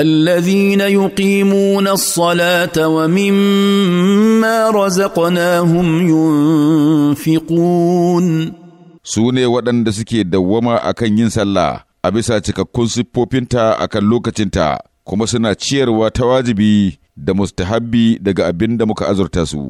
الذين يقيمون الصلاه ومما رزقناهم ينفقون su ne waɗanda suke dawwama a kan yin sallah a bisa cikakkun siffofinta a kan lokacinta kuma suna ciyarwa ta wajibi da mustahabbi daga abin da muka azurta su